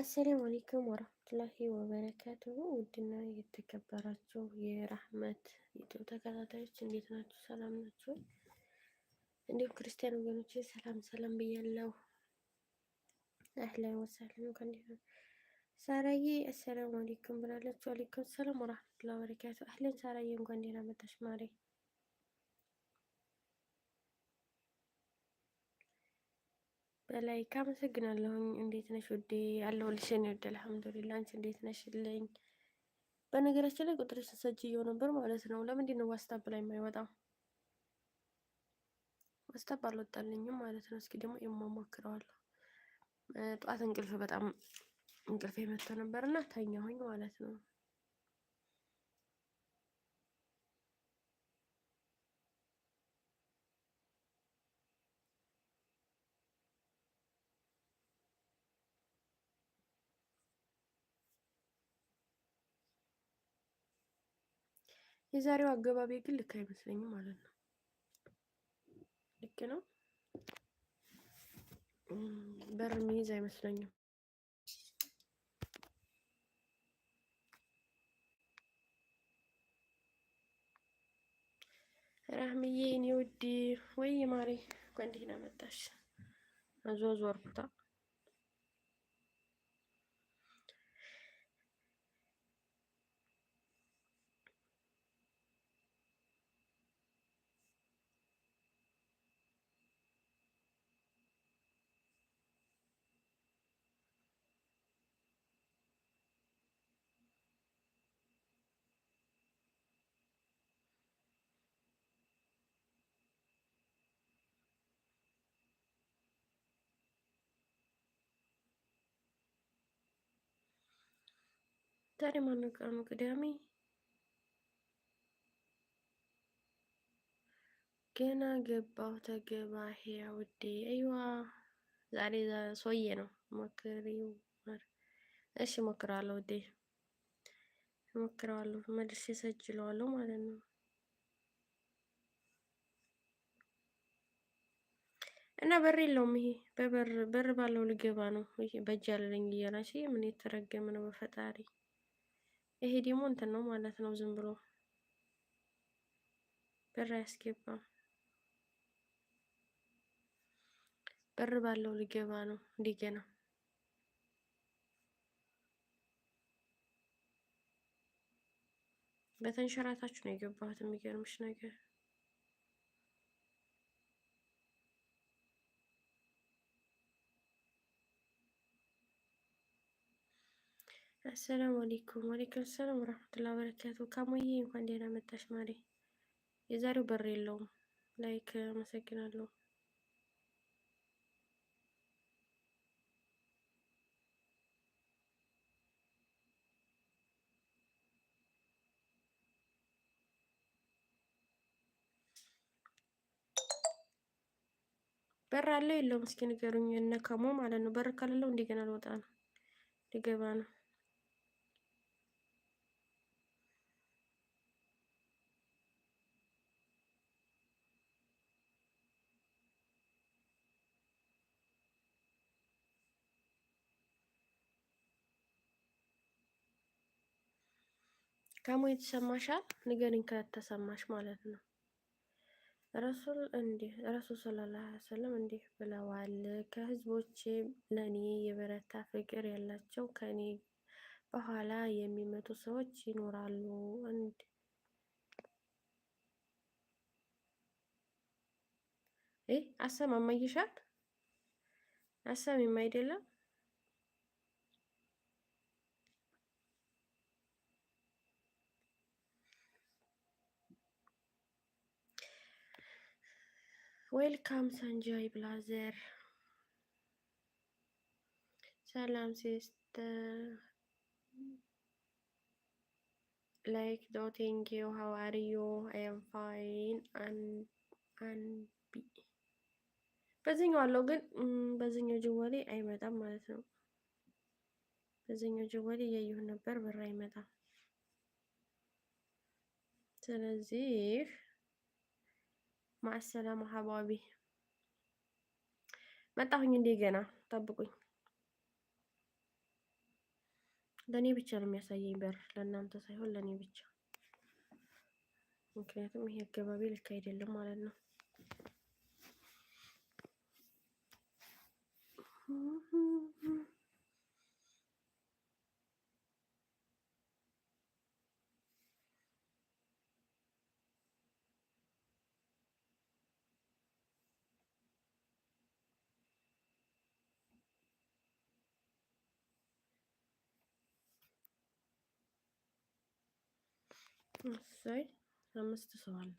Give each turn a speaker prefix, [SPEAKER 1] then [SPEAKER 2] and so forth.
[SPEAKER 1] አሰላሙ አሌይኩም ወረህመቱላሂ ወበረካቱሁ። ውድና የተከበራችሁ የራህመት ዩቲዩብ ተከታታዮች እንዴት ናችሁ? ሰላም ናችሁ? እንዲሁም ክርስቲያን ወገኖች ሰላም ሰላም ብያለሁ። አህለን ወሰህለን እንዴት ሳራዬ? አሰላሙ አሌይኩም ብላለች። አሌይኩም ሰላም ወረህመቱላሂ ወበረካቱሁ። አህለን ሳራዬ፣ እንኳን ደህና መጣሽ ማሬ በላይ ካመሰግናለሁኝ። እንዴት ነሽ ውዴ? አለሁልሽ። እኔ ወደ አልሐምዱሊላህ። አንቺ እንዴት ነሽልኝ? በነገራችን ላይ ቁጥር ሰጅ እየው ነበር ማለት ነው። ለምንድን ነው ዋስታፕ ላይ የማይወጣው? ዋስታፕ አልወጣልኝም ማለት ነው። እስኪ ደግሞ የማሞክረዋለሁ። ጠዋት እንቅልፍ በጣም እንቅልፍ የመጥቶ ነበር እና ተኛሁኝ ማለት ነው። የዛሬው አገባቢ ግን ልክ አይመስለኝም ማለት ነው። ልክ ነው። በር ሚይዝ አይመስለኝም። ራህምዬ እኔ ውዴ፣ ወይ ማሬ እንኳን ደህና መጣሽ። አዟዟርኩታ ዛሬ ማነው ቀኑ? ቅዳሜ ገና ገባሁ ተገባ ያ ውዴ አይዋ ዛሬ ሶዬ ነው ሞክሪው። እሺ ሞክራለሁ ውዴ ሞክራለሁ። መልስ ሰጅለዋለሁ ማለት ነው። እና በር የለውም ይሄ በበር በር ባለው ልገባ ነው። በእጅ አለኝ እያላችሁ ምን የተረገመ ነው በፈጣሪ ይሄ ደግሞ እንትን ነው ማለት ነው። ዝም ብሎ ብር አያስገባም። ብር ባለው ሊገባ ነው እንደገና በተንሸራታችሁ ነው የገባሁት የሚገርምሽ ነገር አሰላሙ አሌይኩም ወአሌይኩም ሰላም ወረህመቱላሂ ወበረካቱ። ካሞዬ እንኳን ደህና መጣሽ ማሬ። የዛሬው በር የለውም። ላይክ አመሰግናለሁ። በር አለው የለውም? እስኪ ንገሩኝ። እነ ካሞ ማለት ነው። በር ካለለው እንደገና ልወጣ ነው፣ ልገባ ነው። ታሞ የተሰማሻል ንገሪኝ ከተሰማሽ ማለት ነው። ረሱል እንዲህ ረሱል ሰለላሁ ዐለይሂ ወሰለም እንዲህ ብለዋል፣ ከህዝቦቼ ለእኔ የበረታ ፍቅር ያላቸው ከእኔ በኋላ የሚመጡ ሰዎች ይኖራሉ እንዲ አሰማም አይሻል አሰሚም አይደለም ዌልካም ሳንጃይ ብላዘር ሰላም ሲስተር ላይክ ዶ ቴንክ ዩ ሃው አር ዩ አይ አም ፋይን አንቢ በዚህኛው አለው ግን በዚህኛው ጅወሌ አይመጣም ማለት ነው። በዚህኛው ጅወሌ እያየሁ ነበር ብር አይመጣም። ስለዚህ ማሰላሙ ሀባቢ መጣሁኝ። እንዴ ገና ጠብቁኝ። ለእኔ ብቻ ነው የሚያሳየኝ በር፣ ለእናንተ ሳይሆን ለእኔ ብቻ። ምክንያቱም ይሄ አካባቢ ልክ አይደለም ማለት ነው። vamos a one.